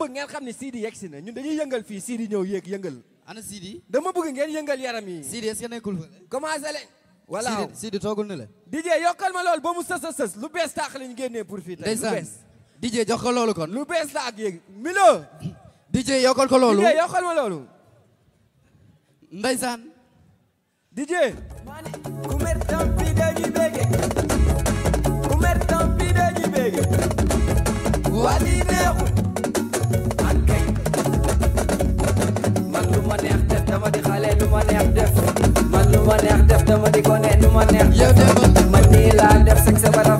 bëgg ngeen xam ne Sidi yegg si na ñun dañuy yëngal fii Sidi ñëw yéeg yëngal. ana Sidi. dama bëgg ngeen yëngal yaram yi. Sidi est-ce que nekkul fa. commencé leen. voilà Sidi toogul na la. DJ yokkal ma loolu ba mu lu bees taax lañ génnee pour fii tey lu bees. DJ jox ko loolu kon. lu bees la yéeg Milo. DJ yokkal ko loolu DJ dama di ko ne nu ma neex. yow de man nii laa def sexe ba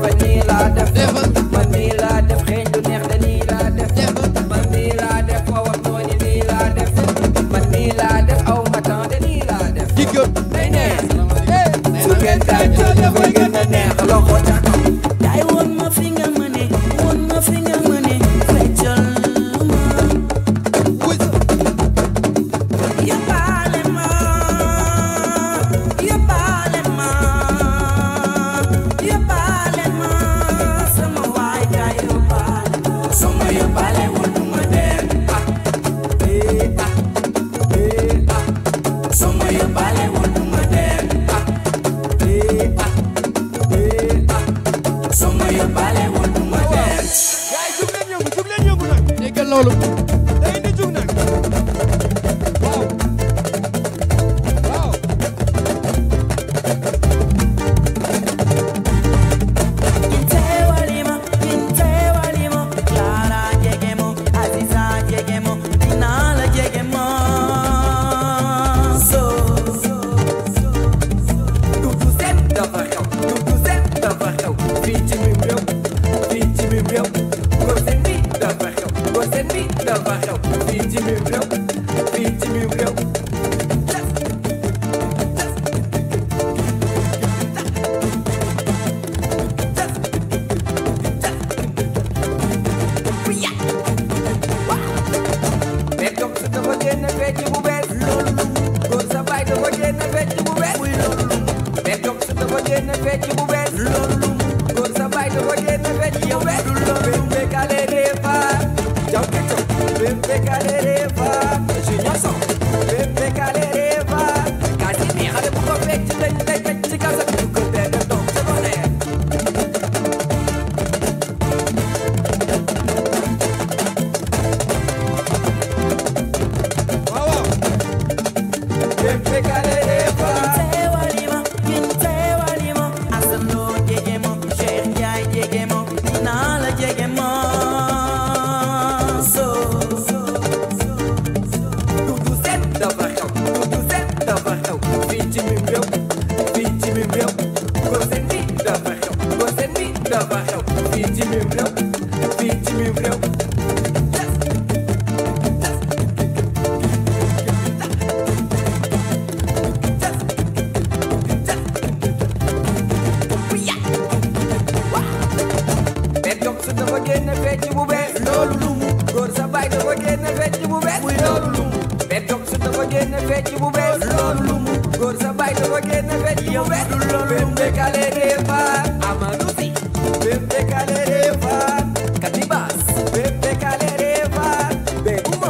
réew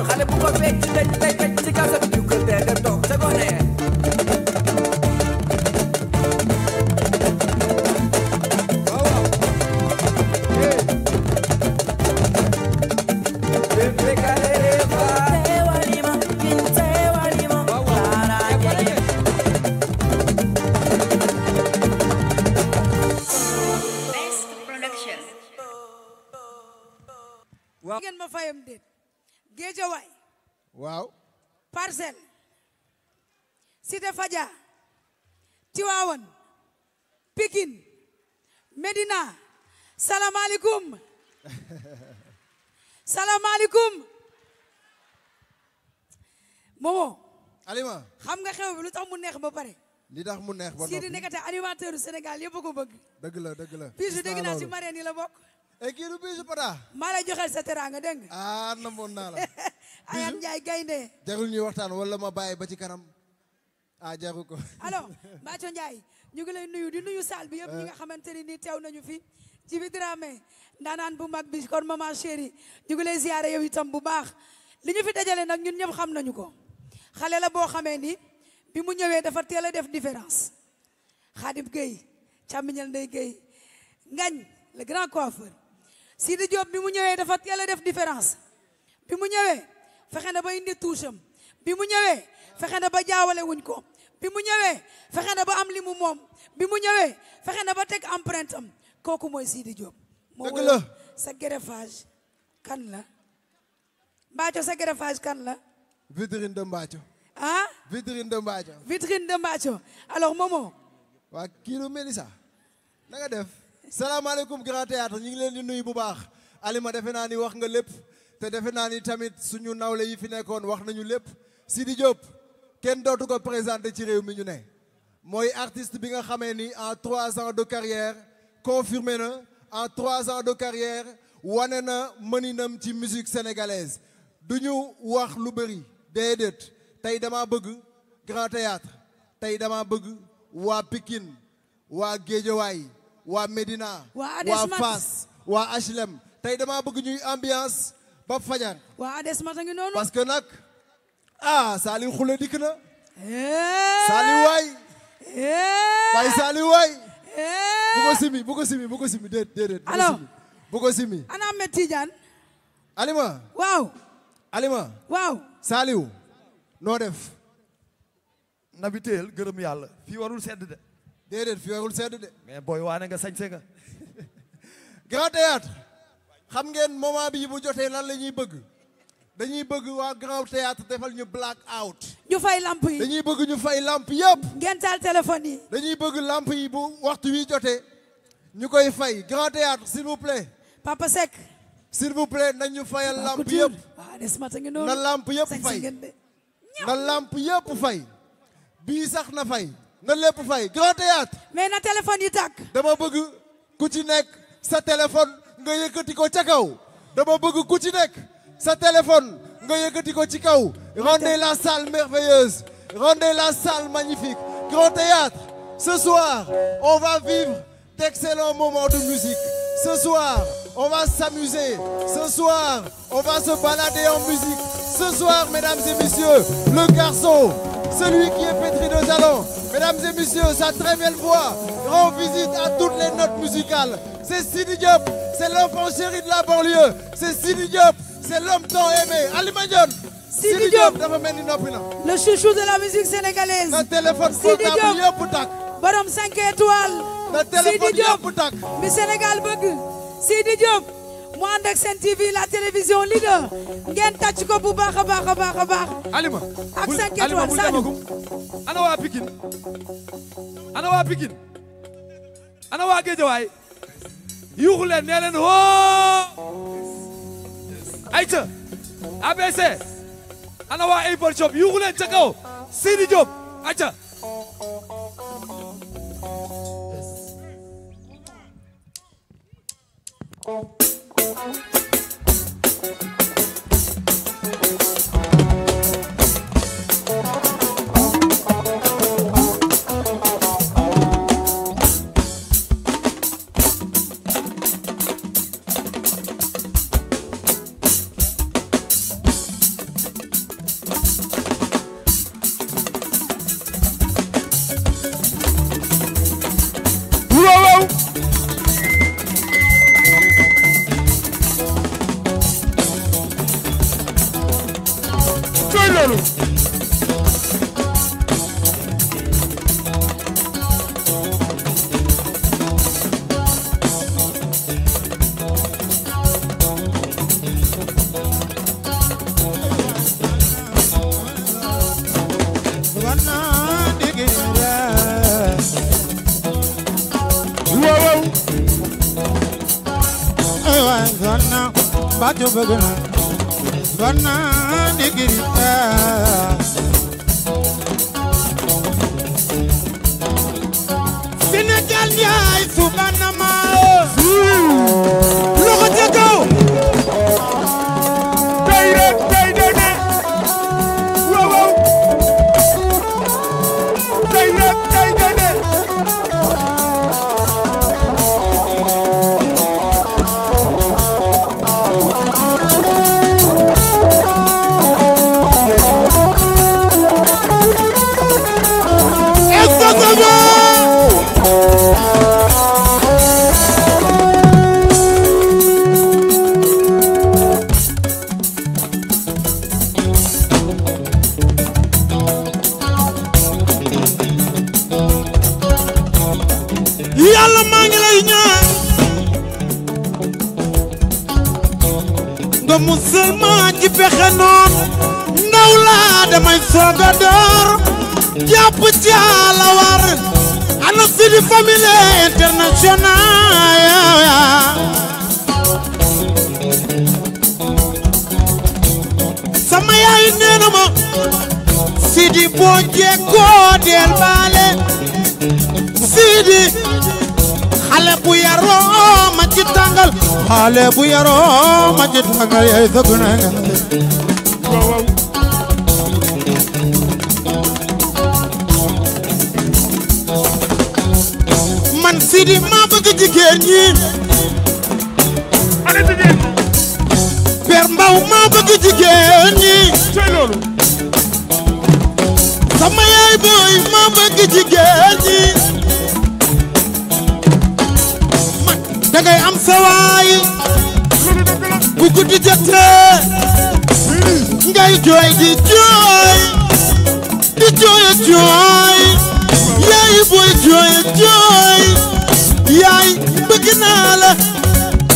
xale bu ko fecc daj daj daj Sène Cité Fadia Tivaouane Pikine Médina salaamaaleykum salaamaaleykum Momo. Alima xam nga xew bi lu tax mu neex ba pare. li tax mu neex ba noppi si di nekkate Sénégal yëpp ko bëgg. dëgg la dëgg la. bisu dégg naa si marraine yi la bokk. et eh, kii du bisu Pata. maa lay joxel sa teraanga dégg nga. ah namoon naa la. Ayane mm-hmm. Ndiaye gaynde jarul ñuy waxtaan wala ma bàyyi ba ci kanam ah jaru ko alors Mbathio Ndiaye ñu ngi lay nuyu di nuyu saal bi yëpp ñi nga euh. xamante ni nii teew nañu fi ci bi Dramé ndaanaan bu mag bi kon ma chérie ñu ngi lay ziyaare yow itam bu baax li ñu fi dajale nag ñun ñëpp xam nañu ko xale la boo xamee ni bi mu ñëwee dafa teel a def différence Khadim Gueye càmmiñal Ndeye Gueye ngañ le grand coiffeur Sidi Diop bi mu ñëwee dafa teel a def différence bi mu ñëwee fexe na ba indi tuusam bi mu ñëwee fexe na ba jaawale wuñ ko bi mu ñëwee fexe na ba am li mu moom bi mu ñëwee fexe na ba teg empreinte kooku mooy Sidi Diop. dëgg la moo sa greffage kan la. Mbaaco sa greffage kan la. vitrine de Mbaaco. ah. vitrine de Mbaaco. vitrine de Mbaaco alors Momo. waa kii lu sa na nga def. salaamaaleykum grand théâtre ñu ngi leen di nuyu bu baax Alima defe naa ni wax nga lépp. te defe naa ni tamit suñu nawle yi fi nekkoon wax nañu lépp si di Diop kenn dootu ko présenté ci réew mi ñu ne mooy artiste bi nga xamee ni en trois ans de carrière confirmé na en trois ans de carrière wane na mëninam ci musique sénégalaise du ñu wax lu bëri déedéet tey dama bëgg grand théâtre tey dama bëgg waa pikin waa Géejawaay waa Médina waa Fass waa HLM tey dama bëgg ñuy ambiance Pape Fadiane. waa Ades parce que nag ah Saliou Khoule dikk na. Eh. Saliou waay. Eh. Baye Saliou waay. Eh. bu ko simi bu simi bu simi déet déet. alors simi. ana Ahmed Tidiane. Alima. waaw. Alima. noo def. nabiteel gërëm yàlla. fii warul sedd de. déedéet fii warul sedd de. mais booy waane nga sañse nga. Grand Théâtre. xam ngeen moment bii bu jotee lan la ñuy bëgg dañuy bëgg waa Grand Théâtre defal ñu black out. ñu fay làmp yi dañuy bëgg ñu fay lamp yëpp. ngeen taal yi. dañuy bëgg làmp yi bu waxtu wi jotee ñu koy fay Grand Théâtre s'il vous plaît. Papa Seck. s'il vous plaît nañ ñu fayal lamp yëpp. Ah, na lamp yëpp fay. na lamp yëpp bii sax na fay. na lépp fay Grand Théâtre. mais na téléphone yi tàkk. dama bëgg ku ci nekk sa téléphone. nga yëkkati ko ca kaw dama bëgg ku ci nekk sa téléphone nga yëkkati ko ci kaw rendez la salle merveilleuse rendez la salle magnifique grand théâtre ce soir on va vivre d'excellents moments de musique ce soir on va s'amuser ce soir on va se balader en musique ce soir mesdames et messieurs le garçon celui qui est pétri de talent Mesdames et messieurs, sa très belle voix rend visite à toutes les notes musicales. C'est Sidi Diop, c'est l'enfant chéri de la banlieue. C'est Sidi Diop, c'est l'homme tant aimé. Alima Dione. Sidi Diop dafa mel ni noppi Le chouchou de la musique sénégalaise. na téléphone portable yëpp tàkk. borom 5 étoiles. na téléphone yëpp tàkk. mi Sénégal bëgg Sidi Diop. mu ànd ak la télévision leader ngeen tàcc ko baax a baax a baax a baax. Alima ak 5 étoiles ana waa Pikine ana waa Pikine ana waa Guédiawaye yuuxu leen nee leen ABC ana waa Apple Shop yuuxu leen ca kaw Sidi bëgg na war naa digg da door jàpp ca la war ana Sidi Famille International sama yaay nee na ma Sidi boo jekkoo del baale Sidi xale bu yaroo ma ci tàngal xale bu yaroo ma ci tàngal yaay dëgg na nga sidi maa bëgg jigéen ñi ale jigéen per mbaw maa bëgg jigéen ñi sama yaay booy maa bëgg jigéen ñi dangay am sa waay bu guddi ngay jooy di jooy di jooy jooy yaay booy jooy jooy yaay bëgg naa la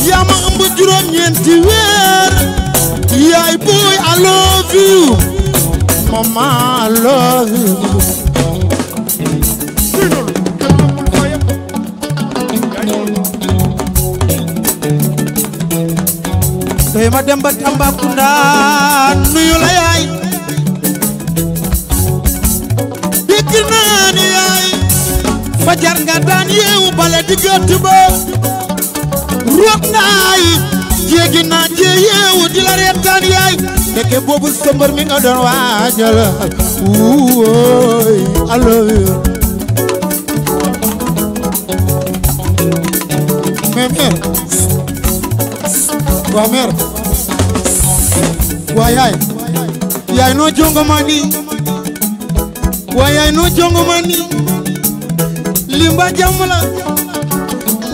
yaa ma ëmb juróom-ñeenti weer yaay booy I love you mama I love you tey ma dem ba Tambacounda nuyu la yaay dégg naa ni fajar nga daan yeewu bale di gëtt ba roog naay jéegi naa jee di la reetaan yaay ndeke boobu sëmbër mi nga doon waajal wuuy allo waa mère waa yaay yaay noo ma nii waa yaay noo ma nii limba jàmm la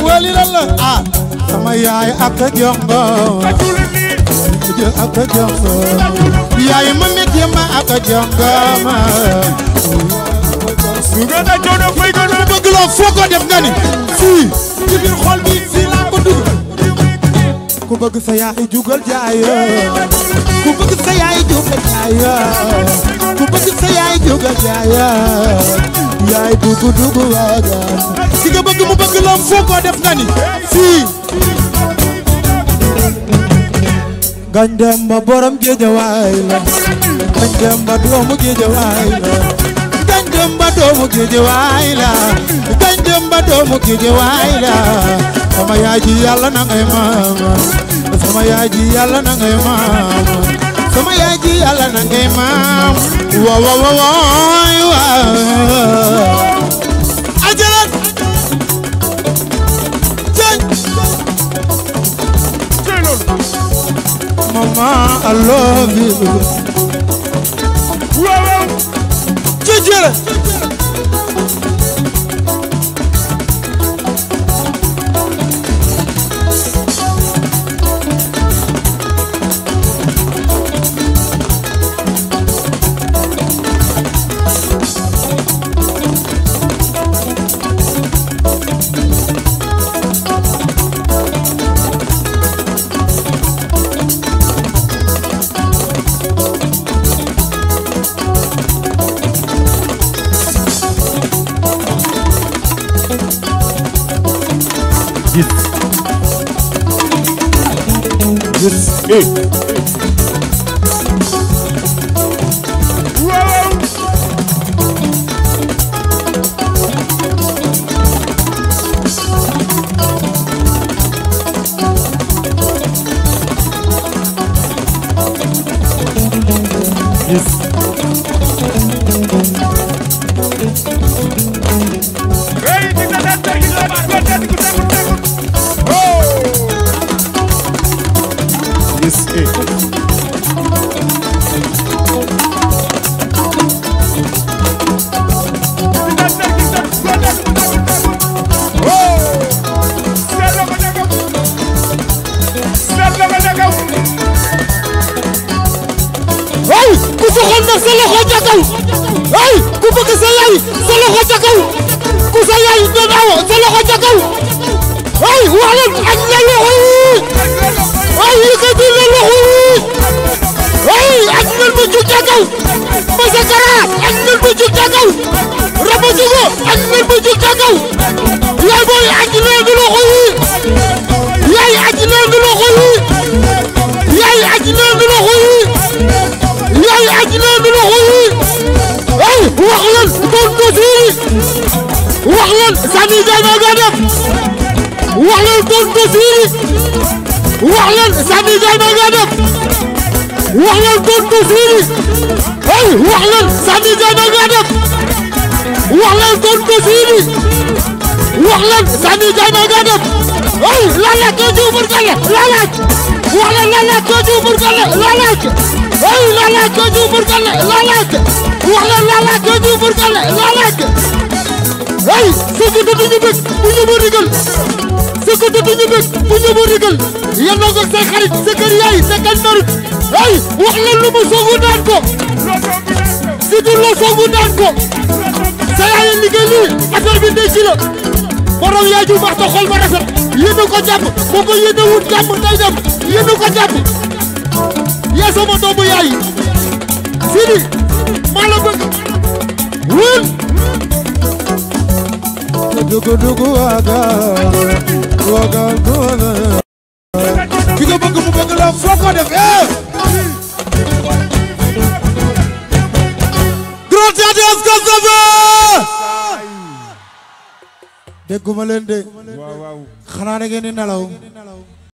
wali la la ah sama yaay ak a jongo ak a jongo yaay ma nekk ma ak a jongo ma su ga da jono fay gono bëgg loo foo ko def nga ni fii ci biir xol bi fii laa ko dugg ku bëgg sa yaay jugal jaayo ku bëgg sa yaay jugal jaayo ku bëgg sa yaay jugal jaayo yaay dugg dugg waagaan ki nga bëgg mu bëgg lam foo ko def nga ni fii ngañ ba borom géejawaay la ngañ ba doomu géejawaay la ngañ ba doomu géejawaay la sama yaay yàlla na ngay sama yaay yàlla na ngay sama yaay ji yàlla na ngay maam wo wo wo wooy waaw ajalat jëj jëj loolu mama I love you waaw waaw jëjëla rabase kara ak mbir bu jug ca kaw rabase bu jug ca booy aji neengi loxo yi yaay aji neengi loxo yi yaay aji neengi loxo yi yaay ay wax lan doon ko wax lan sani jana ga def wax lan doon ko wax lan sani jana ga def waxlan tontu siiri hey waxlan Sadi Diagne nga def waxlan tontu siiri waxlan Sadi Diagne nga def hey lala keju burgale lala waxlan lala keju burgale lala hey lala keju burgale lala waxlan lala keju burgale lala hey sukk du ñu bëgg bu ñu mu rigal sukk du ñu bëgg bu ñu mu rigal yéen a ko say xarit sa kër yaay sa kër ay wax la lu mu soogu daan ko sidul la soogu daan ko sa yaay liggéey lii affaire bi ndey ci la borom yaay ju baax te xol ba rafet yéen a ko jàpp boo ko yéen a wut jàpp day dem yéen a ko jàpp yaa sama doomu yaay sidi maa la bëgg wul dugu dugu waaga waaga góor ki nga bëgg mu bëgg la foo ko def eh? Grand Théâtre Oscar Savané dégguma leen de xanaa da ngeen di nelaw